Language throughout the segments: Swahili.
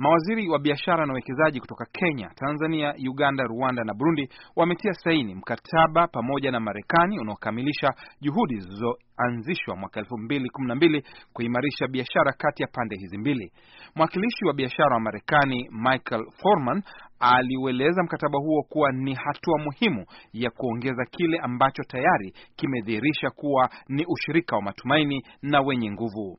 Mawaziri wa biashara na uwekezaji kutoka Kenya, Tanzania, Uganda, Rwanda na Burundi wametia saini mkataba pamoja na Marekani unaokamilisha juhudi zilizoanzishwa mwaka elfu mbili kumi na mbili kuimarisha biashara kati ya pande hizi mbili. Mwakilishi wa biashara wa Marekani Michael Forman aliueleza mkataba huo kuwa ni hatua muhimu ya kuongeza kile ambacho tayari kimedhihirisha kuwa ni ushirika wa matumaini na wenye nguvu.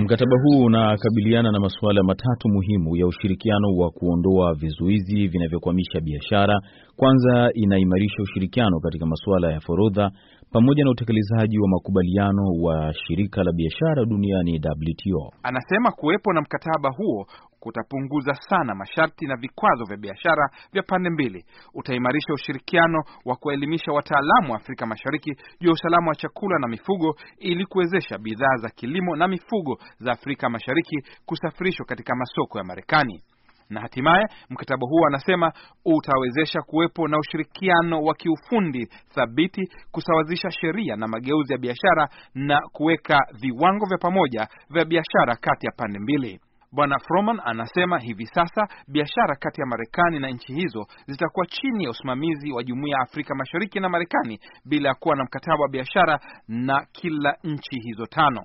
Mkataba huu unakabiliana na masuala matatu muhimu ya ushirikiano wa kuondoa vizuizi vinavyokwamisha biashara, kwanza, inaimarisha ushirikiano katika masuala ya forodha pamoja na utekelezaji wa makubaliano wa shirika la biashara duniani WTO. Anasema kuwepo na mkataba huo kutapunguza sana masharti na vikwazo vya biashara vya pande mbili. Utaimarisha ushirikiano wa kuelimisha wataalamu wa Afrika Mashariki juu ya usalama wa chakula na mifugo ili kuwezesha bidhaa za kilimo na mifugo za Afrika Mashariki kusafirishwa katika masoko ya Marekani na hatimaye mkataba huo anasema utawezesha kuwepo na ushirikiano wa kiufundi thabiti, kusawazisha sheria na mageuzi ya biashara na kuweka viwango vya pamoja vya biashara kati ya pande mbili. Bwana Froman anasema hivi sasa biashara kati ya Marekani na nchi hizo zitakuwa chini ya usimamizi wa Jumuiya ya Afrika Mashariki na Marekani bila ya kuwa na mkataba wa biashara na kila nchi hizo tano.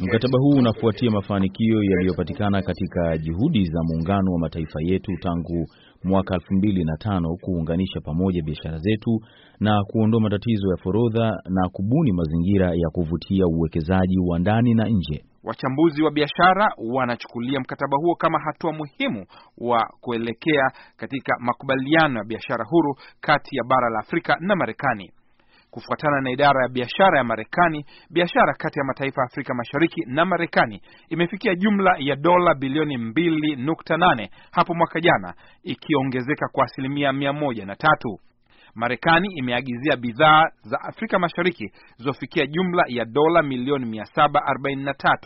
Mkataba huu unafuatia mafanikio yaliyopatikana katika juhudi za muungano wa mataifa yetu tangu mwaka 2005 kuunganisha pamoja biashara zetu na kuondoa matatizo ya forodha na kubuni mazingira ya kuvutia uwekezaji wa ndani na nje. Wachambuzi wa biashara wanachukulia mkataba huo kama hatua muhimu wa kuelekea katika makubaliano ya biashara huru kati ya bara la Afrika na Marekani. Kufuatana na idara ya biashara ya Marekani, biashara kati ya mataifa ya Afrika Mashariki na Marekani imefikia jumla ya dola bilioni 2.8 hapo mwaka jana, ikiongezeka kwa asilimia 103. Marekani imeagizia bidhaa za Afrika Mashariki zilizofikia jumla ya dola milioni 743,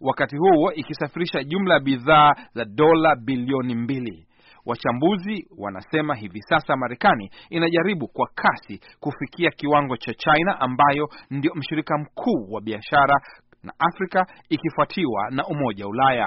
wakati huo ikisafirisha jumla ya bidhaa za dola bilioni mbili. Wachambuzi wanasema hivi sasa Marekani inajaribu kwa kasi kufikia kiwango cha China ambayo ndio mshirika mkuu wa biashara na Afrika ikifuatiwa na Umoja wa Ulaya.